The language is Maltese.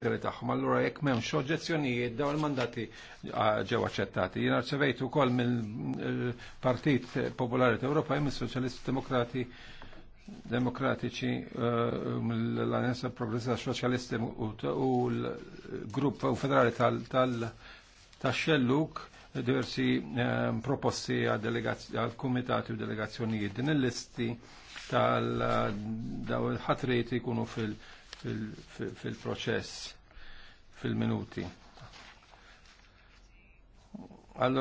l-integri Allura jekk m'hemmx oġġezzjonijiet dawn il-mandati ah, ġew aċċettati. Jien rċevejt ukoll mill-Partit Popolari Ewropej mis-Soċjalisti Demokrati Demokratiċi eh, mill anessa Progressiva Soċjalisti u l-Grupp Federali tal-Xelluk diversi eh, proposti għal kumitati u delegazzjonijiet. Din il-listi tal-ħatrit ikunu fil- fil-proċess, fil-minuti. Allora